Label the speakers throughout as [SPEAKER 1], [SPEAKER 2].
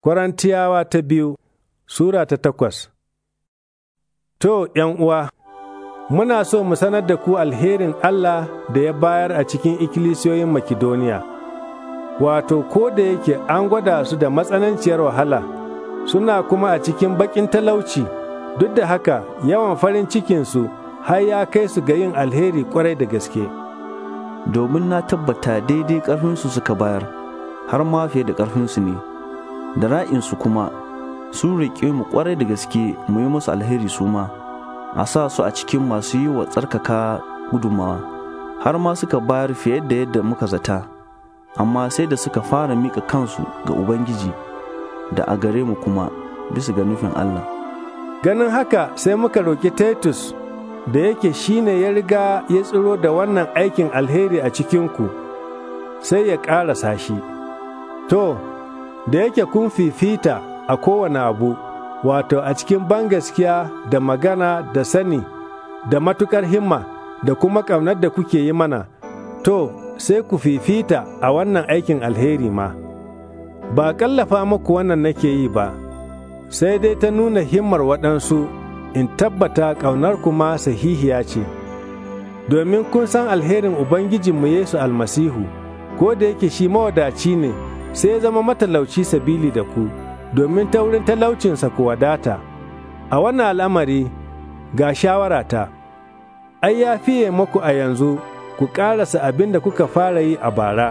[SPEAKER 1] Kwarantiyawa ta biyu Sura ta takwas To, uwa, muna so mu sanar da ku alherin Allah da ya bayar a cikin ikkilisiyoyin Makidoniya, wato, ko da yake an gwada su da matsananciyar wahala, suna kuma a cikin baƙin talauci, duk da haka yawan farin cikinsu har ya kai su ga yin alheri kwarai da gaske.
[SPEAKER 2] Domin na tabbata daidai ƙarfinsu suka bayar, har ma fiye da ƙarfinsu ne. da ra'insu kuma su riƙe mu ƙwarai da gaske mu yi musu alheri su ma a sa su a cikin masu yi wa tsarkaka gudumawa har ma suka bayar fiye da yadda muka zata amma sai da suka fara mika kansu ga ubangiji da a gare mu kuma bisa ga nufin allah ganin haka sai muka
[SPEAKER 1] roƙi titus da yake shine ya riga ya tsiro da wannan aikin alheri a cikinku sai ya ƙarasa shi to da yake kun fifita a kowane abu, wato a cikin ban gaskiya da magana da sani, da matukar himma da kuma ƙaunar da kuke yi mana, to, sai ku fifita a wannan aikin alheri ma. Ba ƙallafa muku wannan nake yi ba, sai dai ta nuna himmar waɗansu in tabbata ƙaunar kuma sahihiya ce. Domin kun san alherin Ubangijinmu Yesu almasihu, ko da yake shi mawadaci ne. sai ya zama matalauci sabili da ku, domin ta wurin talaucinsa ku wadata. A wannan al'amari ga shawarata, ai ya fiye maku a yanzu ku ƙarasa abin da kuka fara yi a bara,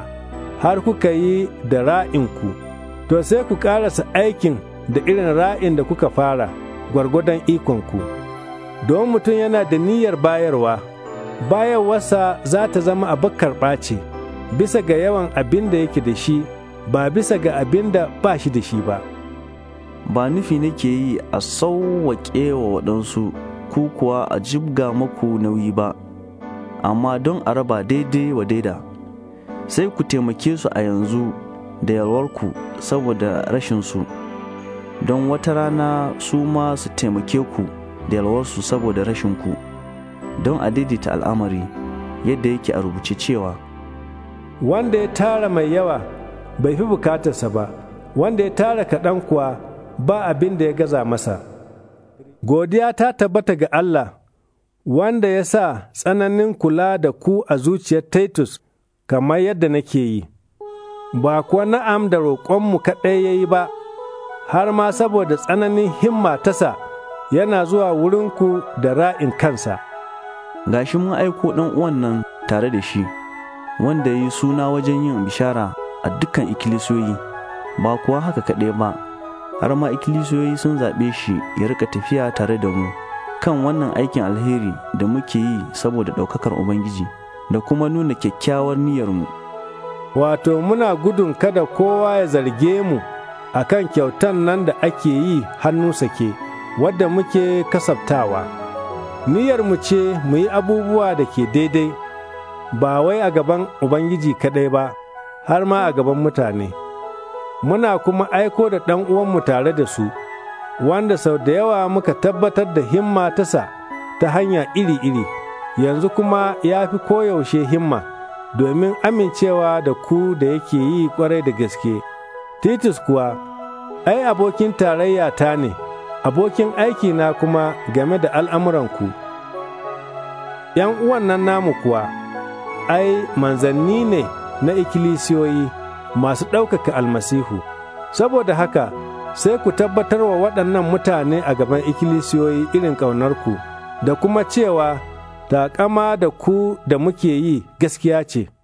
[SPEAKER 1] har kuka yi da ra'inku, to sai ku ƙarasa aikin da irin ra'in da kuka fara, gwargwadon ikonku. Don mutum yana da niyyar bayarwa, bayarwarsa za ta zama abin karɓa ce, bisa ga yawan abin da yake da shi. ba bisa ga abin da ba shi da
[SPEAKER 2] shi ba ba nufi nake yi a sauwaƙe wa waɗansu ku kuwa a jibga maku nauyi ba amma don a raba daidai wa daida sai ku taimake su a yanzu da yalwarku saboda rashinsu don wata rana su ma su taimake ku da yalwarsu saboda rashinku don a daidaita al'amari yadda yake a rubuce cewa
[SPEAKER 1] wanda ya tara mai yawa bai fi bukatarsa ba wanda ya tara kaɗan kuwa ba abin da ya gaza masa godiya ta tabbata ga Allah wanda ya sa tsananin kula da ku a zuciyar Titus kamar yadda nake yi ba kuwa na'am da roƙonmu kaɗai ya yi ba har ma saboda tsananin himma tasa yana zuwa wurinku da ra'in kansa
[SPEAKER 2] gashi mun aiko ɗan uwan nan tare da shi wanda ya yi suna wajen yin bishara a dukkan ikilisoyi, ba kuwa haka kaɗai ba har ma ikilisoyi sun zaɓe shi ya rika tafiya tare da mu kan wannan aikin alheri da muke yi saboda ɗaukakar ubangiji da kuma nuna kyakkyawar niyyarmu wato muna gudun kada kowa ya zarge mu
[SPEAKER 1] a kan kyautan nan da ake yi hannu sake wadda muke kasabtawa niyyarmu ce mu yi abubuwa da ke daidai ba wai a gaban ubangiji kaɗai ba har ma a gaban mutane muna kuma aiko da ɗan uwanmu tare da su wanda sau da yawa muka tabbatar da himma tasa ta hanya iri-iri yanzu kuma ya fi koyaushe himma domin amincewa da ku da yake yi kwarai da gaske titus kuwa ai abokin tarayya ta ne abokin aiki na kuma game da al'amuranku uwan nan namu kuwa ai manzanni ne na ikkilisiyoyi masu ɗaukaka almasihu saboda haka sai ku tabbatar wa waɗannan mutane a gaban ikkilisiyoyi irin ƙaunarku da kuma cewa taƙama da ku da muke yi gaskiya ce.